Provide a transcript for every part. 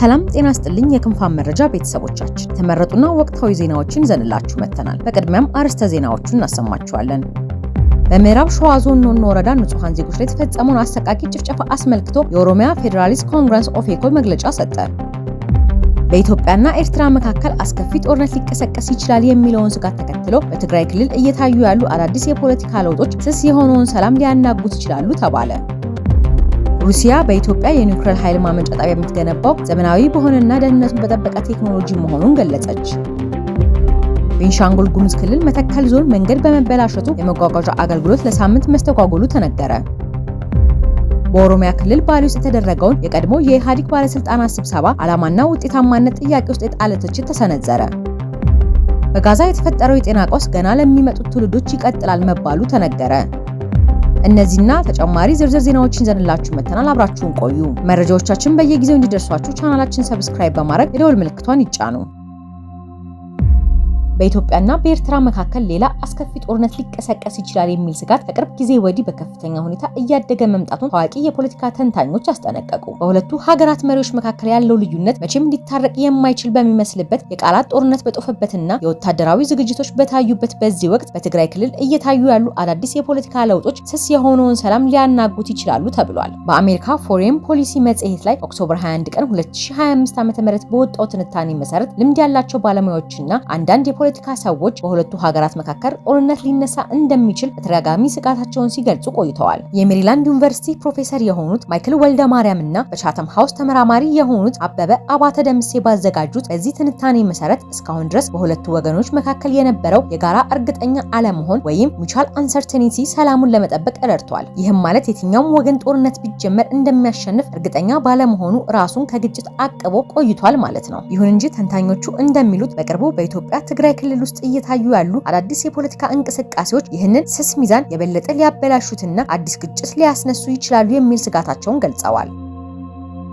ሰላም ጤና ስጥልኝ። የክንፋን መረጃ ቤተሰቦቻችን ተመረጡና ወቅታዊ ዜናዎችን ዘንላችሁ መጥተናል። በቅድሚያም አርዕስተ ዜናዎቹን እናሰማችኋለን። በምዕራብ ሸዋ ዞን ኖኖ ወረዳ ንጹሐን ዜጎች ላይ የተፈጸመውን አሰቃቂ ጭፍጨፋ አስመልክቶ የኦሮሚያ ፌዴራሊስት ኮንግረስ ኦፌኮ መግለጫ ሰጠ። በኢትዮጵያና ኤርትራ መካከል አስከፊ ጦርነት ሊቀሰቀስ ይችላል የሚለውን ስጋት ተከትሎ በትግራይ ክልል እየታዩ ያሉ አዳዲስ የፖለቲካ ለውጦች ስስ የሆነውን ሰላም ሊያናጉት ይችላሉ ተባለ። ሩሲያ በኢትዮጵያ የኒውክሌር ኃይል ማመንጫ ጣቢያ የምትገነባው ዘመናዊ በሆነና ደህንነቱን በጠበቀ ቴክኖሎጂ መሆኑን ገለጸች። ቤንሻንጉል ጉሙዝ ክልል መተከል ዞን መንገድ በመበላሸቱ የመጓጓዣ አገልግሎት ለሳምንት መስተጓጎሉ ተነገረ። በኦሮሚያ ክልል ባሌ ውስጥ የተደረገውን የቀድሞ የኢህአዴግ ባለስልጣናት ስብሰባ ዓላማና ውጤታማነት ጥያቄ ውስጥ የጣለ ትችት ተሰነዘረ። በጋዛ የተፈጠረው የጤና ቀውስ ገና ለሚመጡት ትውልዶች ይቀጥላል መባሉ ተነገረ። እነዚህና ተጨማሪ ዝርዝር ዜናዎችን ይዘንላችሁ መተናል። አብራችሁን ቆዩ። መረጃዎቻችን በየጊዜው እንዲደርሷችሁ ቻናላችን ሰብስክራይብ በማድረግ የደወል ምልክቷን ይጫኑ። በኢትዮጵያና በኤርትራ መካከል ሌላ አስከፊ ጦርነት ሊቀሰቀስ ይችላል የሚል ስጋት ከቅርብ ጊዜ ወዲህ በከፍተኛ ሁኔታ እያደገ መምጣቱን ታዋቂ የፖለቲካ ተንታኞች አስጠነቀቁ። በሁለቱ ሀገራት መሪዎች መካከል ያለው ልዩነት መቼም ሊታረቅ የማይችል በሚመስልበት የቃላት ጦርነት በጦፈበትና የወታደራዊ ዝግጅቶች በታዩበት በዚህ ወቅት በትግራይ ክልል እየታዩ ያሉ አዳዲስ የፖለቲካ ለውጦች ስስ የሆነውን ሰላም ሊያናጉት ይችላሉ ተብሏል። በአሜሪካ ፎሬን ፖሊሲ መጽሔት ላይ ኦክቶበር 21 ቀን 2025 ዓ.ም በወጣው ትንታኔ መሰረት ልምድ ያላቸው ባለሙያዎችና አንዳንድ የፖለቲካ ሰዎች በሁለቱ ሀገራት መካከል ጦርነት ሊነሳ እንደሚችል በተደጋጋሚ ስጋታቸውን ሲገልጹ ቆይተዋል። የሜሪላንድ ዩኒቨርሲቲ ፕሮፌሰር የሆኑት ማይክል ወልደ ማርያም እና በቻተም ሀውስ ተመራማሪ የሆኑት አበበ አባተ ደምሴ ባዘጋጁት በዚህ ትንታኔ መሰረት እስካሁን ድረስ በሁለቱ ወገኖች መካከል የነበረው የጋራ እርግጠኛ አለመሆን ወይም ሚቻል አንሰርቴኒቲ ሰላሙን ለመጠበቅ ረድቷል። ይህም ማለት የትኛውም ወገን ጦርነት ቢጀመር እንደሚያሸንፍ እርግጠኛ ባለመሆኑ ራሱን ከግጭት አቅቦ ቆይቷል ማለት ነው። ይሁን እንጂ ተንታኞቹ እንደሚሉት በቅርቡ በኢትዮጵያ ትግራይ በክልል ውስጥ እየታዩ ያሉ አዳዲስ የፖለቲካ እንቅስቃሴዎች ይህንን ስስ ሚዛን የበለጠ ሊያበላሹትና አዲስ ግጭት ሊያስነሱ ይችላሉ የሚል ስጋታቸውን ገልጸዋል።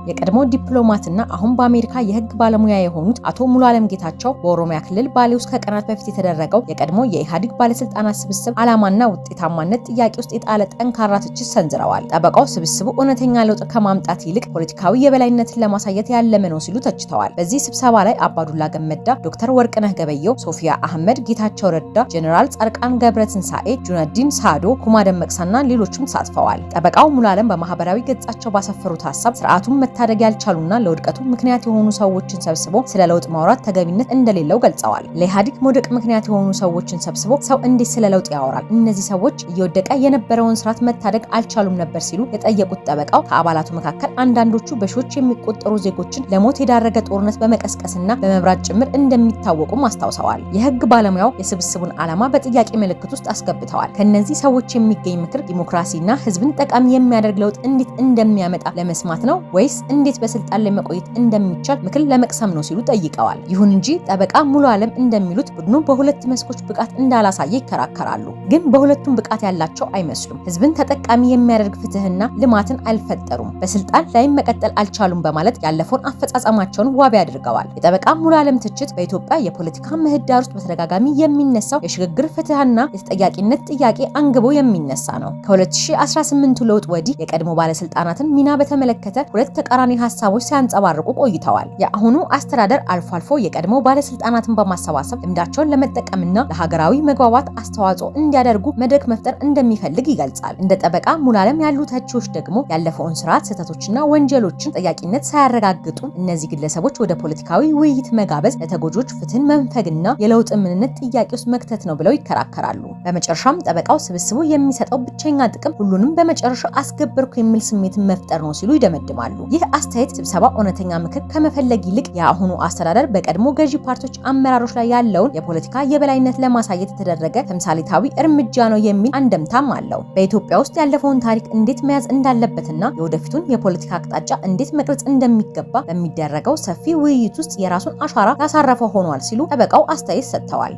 የቀድሞ ዲፕሎማትና አሁን በአሜሪካ የህግ ባለሙያ የሆኑት አቶ ሙሉ አለም ጌታቸው በኦሮሚያ ክልል ባሌ ውስጥ ከቀናት በፊት የተደረገው የቀድሞ የኢህአዴግ ባለስልጣናት ስብስብ ዓላማና ውጤታማነት ጥያቄ ውስጥ የጣለ ጠንካራ ትችት ሰንዝረዋል። ጠበቃው ስብስቡ እውነተኛ ለውጥ ከማምጣት ይልቅ ፖለቲካዊ የበላይነትን ለማሳየት ያለመ ነው ሲሉ ተችተዋል። በዚህ ስብሰባ ላይ አባዱላ ገመዳ፣ ዶክተር ወርቅነህ ገበየው፣ ሶፊያ አህመድ፣ ጌታቸው ረዳ፣ ጀኔራል ጻድቃን ገብረትንሳኤ፣ ጁነዲን ሳዶ፣ ኩማ ደመቅሳና ሌሎችም ተሳትፈዋል። ጠበቃው ሙሉዓለም በማህበራዊ ገጻቸው ባሰፈሩት ሀሳብ ስርዓቱን መታደግ ያልቻሉና ለውድቀቱ ምክንያት የሆኑ ሰዎችን ሰብስቦ ስለ ለውጥ ማውራት ተገቢነት እንደሌለው ገልጸዋል። ለኢህአዴግ መውደቅ ምክንያት የሆኑ ሰዎችን ሰብስቦ ሰው እንዴት ስለ ለውጥ ያወራል? እነዚህ ሰዎች እየወደቀ የነበረውን ስርዓት መታደግ አልቻሉም ነበር ሲሉ የጠየቁት ጠበቃው ከአባላቱ መካከል አንዳንዶቹ በሺዎች የሚቆጠሩ ዜጎችን ለሞት የዳረገ ጦርነት በመቀስቀስና በመብራት ጭምር እንደሚታወቁም አስታውሰዋል። የህግ ባለሙያው የስብስቡን ዓላማ በጥያቄ ምልክት ውስጥ አስገብተዋል። ከእነዚህ ሰዎች የሚገኝ ምክር ዲሞክራሲና ህዝብን ጠቃሚ የሚያደርግ ለውጥ እንዴት እንደሚያመጣ ለመስማት ነው ወይስ እንዴት በስልጣን ላይ መቆየት እንደሚቻል ምክር ለመቅሰም ነው ሲሉ ጠይቀዋል። ይሁን እንጂ ጠበቃ ሙሉ ዓለም እንደሚሉት ቡድኑ በሁለት መስኮች ብቃት እንዳላሳየ ይከራከራሉ። ግን በሁለቱም ብቃት ያላቸው አይመስሉም። ህዝብን ተጠቃሚ የሚያደርግ ፍትህና ልማትን አልፈጠሩም፣ በስልጣን ላይም መቀጠል አልቻሉም በማለት ያለፈውን አፈጻጸማቸውን ዋቢ አድርገዋል። የጠበቃ ሙሉ ዓለም ትችት በኢትዮጵያ የፖለቲካ ምህዳር ውስጥ በተደጋጋሚ የሚነሳው የሽግግር ፍትህና የተጠያቂነት ጥያቄ አንግቦ የሚነሳ ነው። ከ2018 ለውጥ ወዲህ የቀድሞ ባለስልጣናትን ሚና በተመለከተ ሁለት ተቃ ተቃራኒ ሀሳቦች ሲያንጸባርቁ ቆይተዋል። የአሁኑ አስተዳደር አልፎ አልፎ የቀድሞ ባለስልጣናትን በማሰባሰብ ልምዳቸውን ለመጠቀምና ለሀገራዊ መግባባት አስተዋጽኦ እንዲያደርጉ መድረክ መፍጠር እንደሚፈልግ ይገልጻል። እንደ ጠበቃ ሙላለም ያሉ ተቺዎች ደግሞ ያለፈውን ስርዓት ስህተቶችና ወንጀሎችን ጠያቂነት ሳያረጋግጡ እነዚህ ግለሰቦች ወደ ፖለቲካዊ ውይይት መጋበዝ ለተጎጆች ፍትህን መንፈግና የለውጥ ምንነት ጥያቄ ውስጥ መክተት ነው ብለው ይከራከራሉ። በመጨረሻም ጠበቃው ስብስቡ የሚሰጠው ብቸኛ ጥቅም ሁሉንም በመጨረሻ አስገበርኩ የሚል ስሜትን መፍጠር ነው ሲሉ ይደመድማሉ። ይህ አስተያየት ስብሰባ እውነተኛ ምክር ከመፈለግ ይልቅ የአሁኑ አስተዳደር በቀድሞ ገዢ ፓርቲዎች አመራሮች ላይ ያለውን የፖለቲካ የበላይነት ለማሳየት የተደረገ ተምሳሌታዊ እርምጃ ነው የሚል አንደምታም አለው። በኢትዮጵያ ውስጥ ያለፈውን ታሪክ እንዴት መያዝ እንዳለበትና የወደፊቱን የፖለቲካ አቅጣጫ እንዴት መቅረጽ እንደሚገባ በሚደረገው ሰፊ ውይይት ውስጥ የራሱን አሻራ ያሳረፈ ሆኗል ሲሉ ጠበቃው አስተያየት ሰጥተዋል።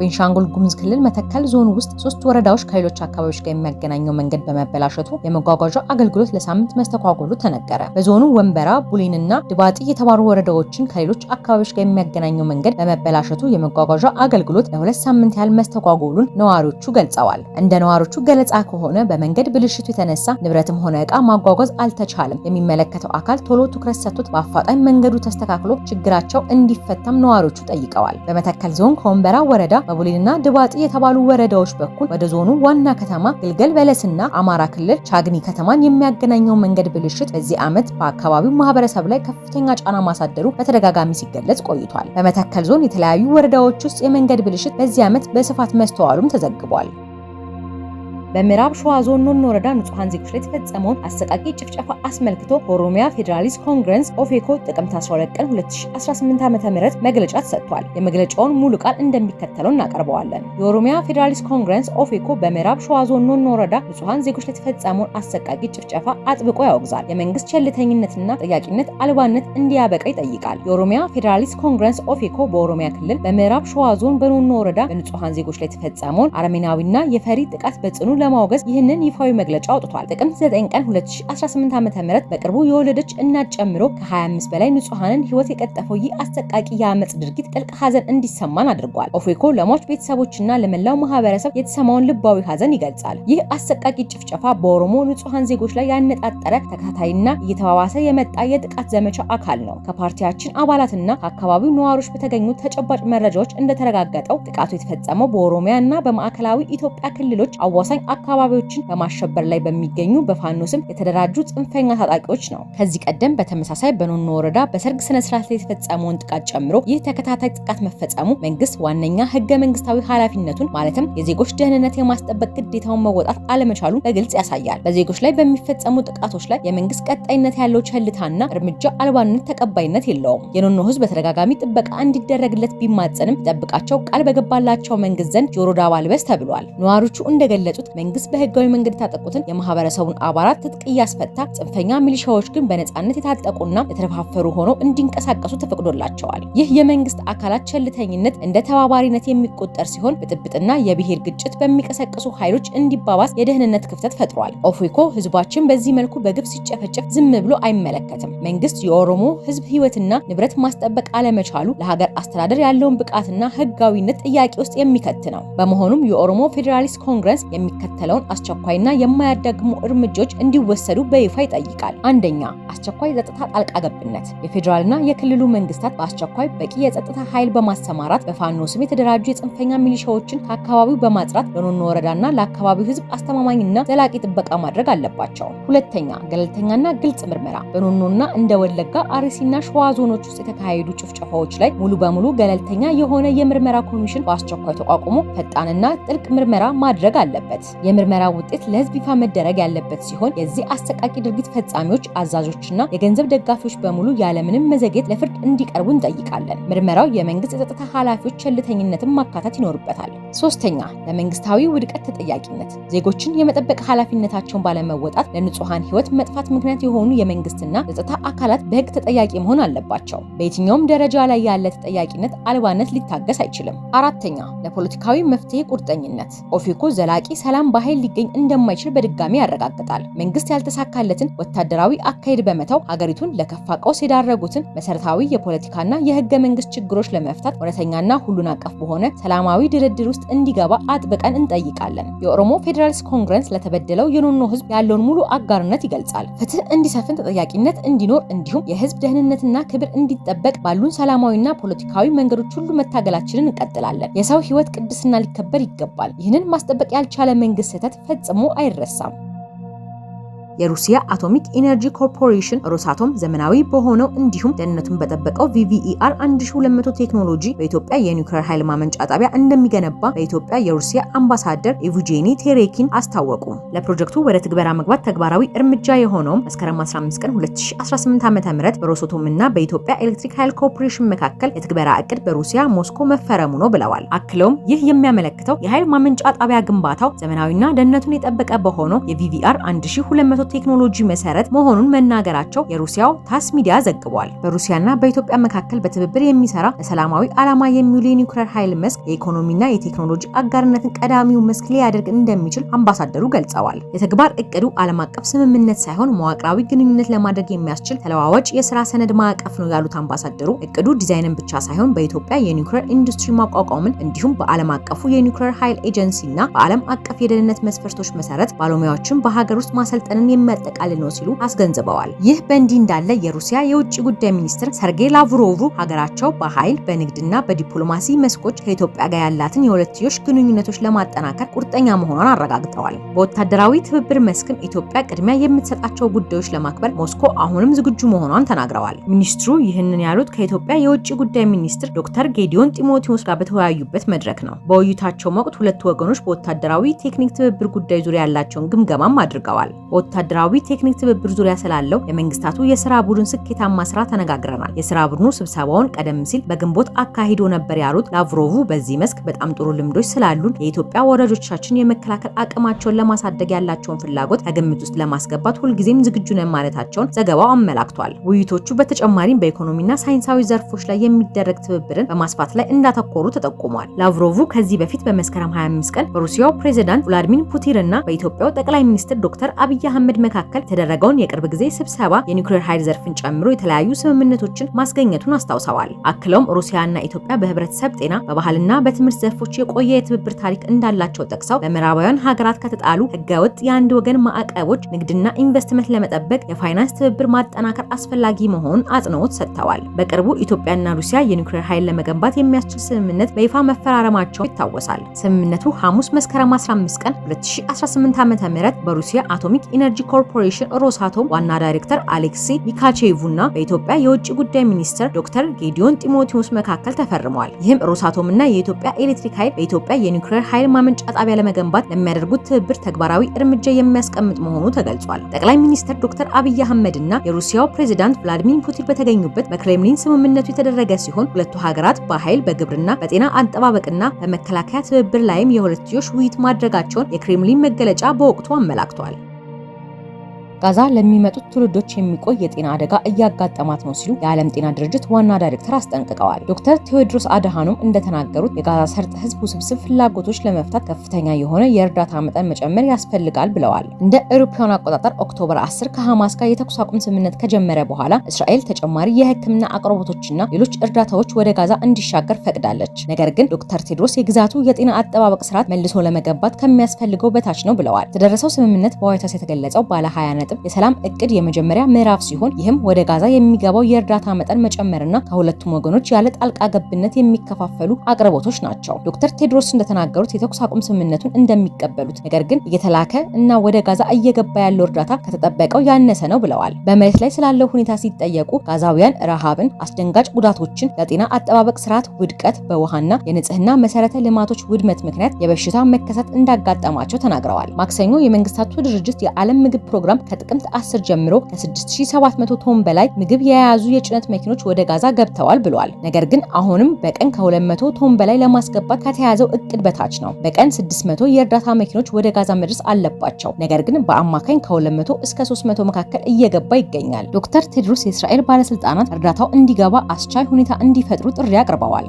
ቤንሻንጉል ጉሙዝ ክልል መተከል ዞን ውስጥ ሶስት ወረዳዎች ከሌሎች አካባቢዎች ጋር የሚያገናኘው መንገድ በመበላሸቱ የመጓጓዣ አገልግሎት ለሳምንት መስተጓጎሉ ተነገረ። በዞኑ ወንበራ፣ ቡሌንና ድባጢ የተባሉ ወረዳዎችን ከሌሎች አካባቢዎች ጋር የሚያገናኘው መንገድ በመበላሸቱ የመጓጓዣ አገልግሎት ለሁለት ሳምንት ያህል መስተጓጎሉን ነዋሪዎቹ ገልጸዋል። እንደ ነዋሪዎቹ ገለጻ ከሆነ በመንገድ ብልሽቱ የተነሳ ንብረትም ሆነ ዕቃ ማጓጓዝ አልተቻለም። የሚመለከተው አካል ቶሎ ትኩረት ሰጥቶት በአፋጣኝ መንገዱ ተስተካክሎ ችግራቸው እንዲፈታም ነዋሪዎቹ ጠይቀዋል። በመተከል ዞን ከወንበራ ወረዳ በቡሌንና ድባጢ የተባሉ ወረዳዎች በኩል ወደ ዞኑ ዋና ከተማ ግልገል በለስና አማራ ክልል ቻግኒ ከተማን የሚያገናኘው መንገድ ብልሽት በዚህ ዓመት በአካባቢው ማህበረሰብ ላይ ከፍተኛ ጫና ማሳደሩ በተደጋጋሚ ሲገለጽ ቆይቷል። በመተከል ዞን የተለያዩ ወረዳዎች ውስጥ የመንገድ ብልሽት በዚህ ዓመት በስፋት መስተዋሉም ተዘግቧል። በምዕራብ ሸዋ ዞን ኖኖ ወረዳ ንጹሐን ዜጎች ላይ የተፈጸመውን አሰቃቂ ጭፍጨፋ አስመልክቶ ኦሮሚያ ፌዴራሊስት ኮንግረስ ኦፌኮ ጥቅምት 12 ቀን 2018 ዓ.ም መግለጫ ተሰጥቷል። የመግለጫውን ሙሉ ቃል እንደሚከተለው እናቀርበዋለን። የኦሮሚያ ፌዴራሊስት ኮንግረስ ኦፌኮ በምዕራብ ሸዋ ዞን ኖኖ ወረዳ ንጹሐን ዜጎች ላይ የተፈጸመውን አሰቃቂ ጭፍጨፋ አጥብቆ ያወግዛል። የመንግስት ቸልተኝነትና ጠያቂነት አልባነት እንዲያበቃ ይጠይቃል። የኦሮሚያ ፌዴራሊስት ኮንግረስ ኦፌኮ በኦሮሚያ ክልል በምዕራብ ሸዋ ዞን በኖኖ ወረዳ በንጹሐን ዜጎች ላይ የተፈጸመውን አረመኔያዊና የፈሪ ጥቃት በጽኑ ለማውገዝ ይህንን ይፋዊ መግለጫ አውጥቷል። ጥቅምት 9 ቀን 2018 ዓ.ም በቅርቡ የወለደች እናት ጨምሮ ከ25 በላይ ንጹሐንን ህይወት የቀጠፈው ይህ አሰቃቂ የአመፅ ድርጊት ጥልቅ ሀዘን እንዲሰማን አድርጓል። ኦፌኮ ለሟች ቤተሰቦችና ለመላው ማህበረሰብ የተሰማውን ልባዊ ሀዘን ይገልጻል። ይህ አሰቃቂ ጭፍጨፋ በኦሮሞ ንጹሐን ዜጎች ላይ ያነጣጠረ ተከታታይና እየተባባሰ የመጣ የጥቃት ዘመቻ አካል ነው። ከፓርቲያችን አባላትና ከአካባቢው ነዋሪዎች በተገኙ ተጨባጭ መረጃዎች እንደተረጋገጠው ጥቃቱ የተፈጸመው እና በማዕከላዊ ኢትዮጵያ ክልሎች አዋሳኝ አካባቢዎችን በማሸበር ላይ በሚገኙ በፋኖ ስም የተደራጁ ጽንፈኛ ታጣቂዎች ነው። ከዚህ ቀደም በተመሳሳይ በኖኖ ወረዳ በሰርግ ስነ ስርዓት ላይ የተፈጸመውን ጥቃት ጨምሮ ይህ ተከታታይ ጥቃት መፈጸሙ መንግስት ዋነኛ ህገ መንግስታዊ ኃላፊነቱን ማለትም የዜጎች ደህንነት የማስጠበቅ ግዴታውን መወጣት አለመቻሉን በግልጽ ያሳያል። በዜጎች ላይ በሚፈጸሙ ጥቃቶች ላይ የመንግስት ቀጣይነት ያለው ቸልታና እርምጃ አልባነት ተቀባይነት የለውም። የኖኖ ህዝብ በተደጋጋሚ ጥበቃ እንዲደረግለት ቢማጸንም ይጠብቃቸው ቃል በገባላቸው መንግስት ዘንድ ጆሮ ዳባ ልበስ ተብሏል። ነዋሪዎቹ እንደገለጹት መንግስት በህጋዊ መንገድ የታጠቁትን የማህበረሰቡን አባላት ትጥቅ እያስፈታ፣ ጽንፈኛ ሚሊሻዎች ግን በነጻነት የታጠቁና የተደፋፈሩ ሆነው እንዲንቀሳቀሱ ተፈቅዶላቸዋል። ይህ የመንግስት አካላት ቸልተኝነት እንደ ተባባሪነት የሚቆጠር ሲሆን ብጥብጥና የብሔር ግጭት በሚቀሰቅሱ ኃይሎች እንዲባባስ የደህንነት ክፍተት ፈጥሯል። ኦፌኮ ህዝባችን በዚህ መልኩ በግብ ሲጨፈጨፍ ዝም ብሎ አይመለከትም። መንግስት የኦሮሞ ህዝብ ህይወትና ንብረት ማስጠበቅ አለመቻሉ ለሀገር አስተዳደር ያለውን ብቃትና ህጋዊነት ጥያቄ ውስጥ የሚከት ነው። በመሆኑም የኦሮሞ ፌዴራሊስት ኮንግረስ የሚከ የሚከተለውን አስቸኳይና የማያዳግሙ እርምጃዎች እንዲወሰዱ በይፋ ይጠይቃል። አንደኛ፣ አስቸኳይ የጸጥታ ጣልቃ ገብነት። የፌዴራልና የክልሉ መንግስታት በአስቸኳይ በቂ የጸጥታ ኃይል በማሰማራት በፋኖ ስም የተደራጁ የጽንፈኛ ሚሊሻዎችን ከአካባቢው በማጽራት ለኖኖ ወረዳና ለአካባቢው ህዝብ አስተማማኝና ዘላቂ ጥበቃ ማድረግ አለባቸው። ሁለተኛ፣ ገለልተኛና ግልጽ ምርመራ። በኖኖና እንደ ወለጋ አርሲና ሸዋ ዞኖች ውስጥ የተካሄዱ ጭፍጨፋዎች ላይ ሙሉ በሙሉ ገለልተኛ የሆነ የምርመራ ኮሚሽን በአስቸኳይ ተቋቁሞ ፈጣንና ጥልቅ ምርመራ ማድረግ አለበት። የምርመራ ውጤት ለህዝብ ይፋ መደረግ ያለበት ሲሆን የዚህ አሰቃቂ ድርጊት ፈጻሚዎች፣ አዛዦችና የገንዘብ ደጋፊዎች በሙሉ ያለምንም መዘግየት ለፍርድ እንዲቀርቡ እንጠይቃለን። ምርመራው የመንግስት የጸጥታ ኃላፊዎች ቸልተኝነትን ማካተት ይኖርበታል። ሶስተኛ ለመንግስታዊ ውድቀት ተጠያቂነት ዜጎችን የመጠበቅ ኃላፊነታቸውን ባለመወጣት ለንጹሐን ህይወት መጥፋት ምክንያት የሆኑ የመንግስትና የጸጥታ አካላት በህግ ተጠያቂ መሆን አለባቸው። በየትኛውም ደረጃ ላይ ያለ ተጠያቂነት አልባነት ሊታገስ አይችልም። አራተኛ ለፖለቲካዊ መፍትሄ ቁርጠኝነት ኦፌኮ ዘላቂ ሰላም ሰላም በኃይል ሊገኝ እንደማይችል በድጋሚ ያረጋግጣል። መንግስት ያልተሳካለትን ወታደራዊ አካሄድ በመተው ሀገሪቱን ለከፋ ቀውስ የዳረጉትን መሰረታዊ የፖለቲካና የህገ መንግስት ችግሮች ለመፍታት እውነተኛና ሁሉን አቀፍ በሆነ ሰላማዊ ድርድር ውስጥ እንዲገባ አጥብቀን እንጠይቃለን። የኦሮሞ ፌዴራልስ ኮንግረስ ለተበደለው የኖኖ ህዝብ ያለውን ሙሉ አጋርነት ይገልጻል። ፍትህ እንዲሰፍን፣ ተጠያቂነት እንዲኖር እንዲሁም የህዝብ ደህንነትና ክብር እንዲጠበቅ ባሉን ሰላማዊና ፖለቲካዊ መንገዶች ሁሉ መታገላችንን እንቀጥላለን። የሰው ህይወት ቅድስና ሊከበር ይገባል። ይህንን ማስጠበቅ ያልቻለ መንግስት መንግስት ስህተት ፈጽሞ አይረሳም። የሩሲያ አቶሚክ ኢነርጂ ኮርፖሬሽን ሮሳቶም ዘመናዊ በሆነው እንዲሁም ደህንነቱን በጠበቀው ቪቪኢአር 1200 ቴክኖሎጂ በኢትዮጵያ የኒውክሌር ኃይል ማመንጫ ጣቢያ እንደሚገነባ በኢትዮጵያ የሩሲያ አምባሳደር ኢቭጄኒ ቴሬኪን አስታወቁ። ለፕሮጀክቱ ወደ ትግበራ መግባት ተግባራዊ እርምጃ የሆነውም መስከረም 15 ቀን 2018 ም በሮሶቶም እና በኢትዮጵያ ኤሌክትሪክ ኃይል ኮርፖሬሽን መካከል የትግበራ እቅድ በሩሲያ ሞስኮ መፈረሙ ነው ብለዋል። አክለውም ይህ የሚያመለክተው የኃይል ማመንጫ ጣቢያ ግንባታው ዘመናዊና ደህንነቱን የጠበቀ በሆነው የቪቪአር 1200 ቴክኖሎጂ መሰረት መሆኑን መናገራቸው የሩሲያው ታስ ሚዲያ ዘግቧል። በሩሲያና በኢትዮጵያ መካከል በትብብር የሚሰራ ለሰላማዊ ዓላማ የሚውል የኒውክሌር ኃይል መስክ የኢኮኖሚና የቴክኖሎጂ አጋርነትን ቀዳሚው መስክ ሊያደርግ እንደሚችል አምባሳደሩ ገልጸዋል። የተግባር እቅዱ ዓለም አቀፍ ስምምነት ሳይሆን መዋቅራዊ ግንኙነት ለማድረግ የሚያስችል ተለዋዋጭ የስራ ሰነድ ማዕቀፍ ነው ያሉት አምባሳደሩ እቅዱ ዲዛይንን ብቻ ሳይሆን በኢትዮጵያ የኒውክሌር ኢንዱስትሪ ማቋቋምን እንዲሁም በዓለም አቀፉ የኒውክሌር ኃይል ኤጀንሲ እና በዓለም አቀፍ የደህንነት መስፈርቶች መሰረት ባለሙያዎችን በሀገር ውስጥ ማሰልጠንን የሚያጠቃልል ነው ሲሉ አስገንዝበዋል። ይህ በእንዲህ እንዳለ የሩሲያ የውጭ ጉዳይ ሚኒስትር ሰርጌይ ላቭሮቭ ሀገራቸው በኃይል በንግድና በዲፕሎማሲ መስኮች ከኢትዮጵያ ጋር ያላትን የሁለትዮሽ ግንኙነቶች ለማጠናከር ቁርጠኛ መሆኗን አረጋግጠዋል። በወታደራዊ ትብብር መስክም ኢትዮጵያ ቅድሚያ የምትሰጣቸው ጉዳዮች ለማክበር ሞስኮ አሁንም ዝግጁ መሆኗን ተናግረዋል። ሚኒስትሩ ይህንን ያሉት ከኢትዮጵያ የውጭ ጉዳይ ሚኒስትር ዶክተር ጌዲዮን ጢሞቴዎስ ጋር በተወያዩበት መድረክ ነው። በውይይታቸው ወቅት ሁለቱ ወገኖች በወታደራዊ ቴክኒክ ትብብር ጉዳይ ዙሪያ ያላቸውን ግምገማም አድርገዋል። በወታደራዊ ቴክኒክ ትብብር ዙሪያ ስላለው የመንግስታቱ የስራ ቡድን ስኬታማ ስራ ተነጋግረናል። የስራ ቡድኑ ስብሰባውን ቀደም ሲል በግንቦት አካሂዶ ነበር ያሉት ላቭሮቭ በዚህ መስክ በጣም ጥሩ ልምዶች ስላሉን የኢትዮጵያ ወዳጆቻችን የመከላከል አቅማቸውን ለማሳደግ ያላቸውን ፍላጎት ከግምት ውስጥ ለማስገባት ሁልጊዜም ዝግጁ ነን ማለታቸውን ዘገባው አመላክቷል። ውይይቶቹ በተጨማሪም በኢኮኖሚና ሳይንሳዊ ዘርፎች ላይ የሚደረግ ትብብርን በማስፋት ላይ እንዳተኮሩ ተጠቁሟል። ላቭሮቭ ከዚህ በፊት በመስከረም 25 ቀን በሩሲያው ፕሬዚዳንት ቭላዲሚር ፑቲን እና በኢትዮጵያው ጠቅላይ ሚኒስትር ዶክተር አብይ አህመድ በአብይ መካከል የተደረገውን የቅርብ ጊዜ ስብሰባ የኒውክሌር ኃይል ዘርፍን ጨምሮ የተለያዩ ስምምነቶችን ማስገኘቱን አስታውሰዋል። አክለውም ሩሲያና ኢትዮጵያ በህብረተሰብ ጤና፣ በባህልና በትምህርት ዘርፎች የቆየ የትብብር ታሪክ እንዳላቸው ጠቅሰው በምዕራባውያን ሀገራት ከተጣሉ ህገወጥ የአንድ ወገን ማዕቀቦች ንግድና ኢንቨስትመንት ለመጠበቅ የፋይናንስ ትብብር ማጠናከር አስፈላጊ መሆኑን አጽንኦት ሰጥተዋል። በቅርቡ ኢትዮጵያና ሩሲያ የኒውክሌር ኃይል ለመገንባት የሚያስችል ስምምነት በይፋ መፈራረማቸው ይታወሳል። ስምምነቱ ሐሙስ መስከረም 15 ቀን 2018 ዓ.ም በሩሲያ አቶሚክ ኢነርጂ ኮርፖሬሽን ሮሳቶም ዋና ዳይሬክተር አሌክሲ ሚካቼቭና በኢትዮጵያ የውጭ ጉዳይ ሚኒስትር ዶክተር ጌዲዮን ጢሞቴዎስ መካከል ተፈርመዋል። ይህም ሮሳቶም እና የኢትዮጵያ ኤሌክትሪክ ኃይል በኢትዮጵያ የኒውክሌር ኃይል ማመንጫ ጣቢያ ለመገንባት ለሚያደርጉት ትብብር ተግባራዊ እርምጃ የሚያስቀምጥ መሆኑ ተገልጿል። ጠቅላይ ሚኒስትር ዶክተር አብይ አህመድ እና የሩሲያው ፕሬዚዳንት ቭላዲሚር ፑቲን በተገኙበት በክሬምሊን ስምምነቱ የተደረገ ሲሆን ሁለቱ ሀገራት በኃይል በግብርና በጤና አጠባበቅና በመከላከያ ትብብር ላይም የሁለትዮሽ ውይይት ማድረጋቸውን የክሬምሊን መገለጫ በወቅቱ አመላክቷል። ጋዛ ለሚመጡት ትውልዶች የሚቆይ የጤና አደጋ እያጋጠማት ነው ሲሉ የዓለም ጤና ድርጅት ዋና ዳይሬክተር አስጠንቅቀዋል። ዶክተር ቴዎድሮስ አድሃኖም እንደተናገሩት የጋዛ ሰርጥ ህዝብ ውስብስብ ፍላጎቶች ለመፍታት ከፍተኛ የሆነ የእርዳታ መጠን መጨመር ያስፈልጋል ብለዋል። እንደ አውሮፓውያኑ አቆጣጠር ኦክቶበር 10 ከሐማስ ጋር የተኩስ አቁም ስምምነት ከጀመረ በኋላ እስራኤል ተጨማሪ የህክምና አቅርቦቶችና ሌሎች እርዳታዎች ወደ ጋዛ እንዲሻገር ፈቅዳለች። ነገር ግን ዶክተር ቴድሮስ የግዛቱ የጤና አጠባበቅ ስርዓት መልሶ ለመገንባት ከሚያስፈልገው በታች ነው ብለዋል። የተደረሰው ስምምነት በዋይት የተገለጸው ባለ 20 ነጥብ የሰላም እቅድ የመጀመሪያ ምዕራፍ ሲሆን ይህም ወደ ጋዛ የሚገባው የእርዳታ መጠን መጨመርና ከሁለቱም ወገኖች ያለ ጣልቃ ገብነት የሚከፋፈሉ አቅርቦቶች ናቸው። ዶክተር ቴድሮስ እንደተናገሩት የተኩስ አቁም ስምምነቱን እንደሚቀበሉት ነገር ግን እየተላከ እና ወደ ጋዛ እየገባ ያለው እርዳታ ከተጠበቀው ያነሰ ነው ብለዋል። በመሬት ላይ ስላለው ሁኔታ ሲጠየቁ ጋዛውያን ረሃብን፣ አስደንጋጭ ጉዳቶችን፣ ለጤና አጠባበቅ ስርዓት ውድቀት፣ በውሃና የንጽህና መሰረተ ልማቶች ውድመት ምክንያት የበሽታ መከሰት እንዳጋጠማቸው ተናግረዋል። ማክሰኞ የመንግስታቱ ድርጅት የዓለም ምግብ ፕሮግራም ከጥ ከጥቅምት 10 ጀምሮ ከ6700 ቶን በላይ ምግብ የያዙ የጭነት መኪኖች ወደ ጋዛ ገብተዋል ብሏል። ነገር ግን አሁንም በቀን ከ200 ቶን በላይ ለማስገባት ከተያዘው እቅድ በታች ነው። በቀን 600 የእርዳታ መኪኖች ወደ ጋዛ መድረስ አለባቸው። ነገር ግን በአማካኝ ከ200 እስከ 300 መካከል እየገባ ይገኛል። ዶክተር ቴድሮስ የእስራኤል ባለስልጣናት እርዳታው እንዲገባ አስቻይ ሁኔታ እንዲፈጥሩ ጥሪ አቅርበዋል።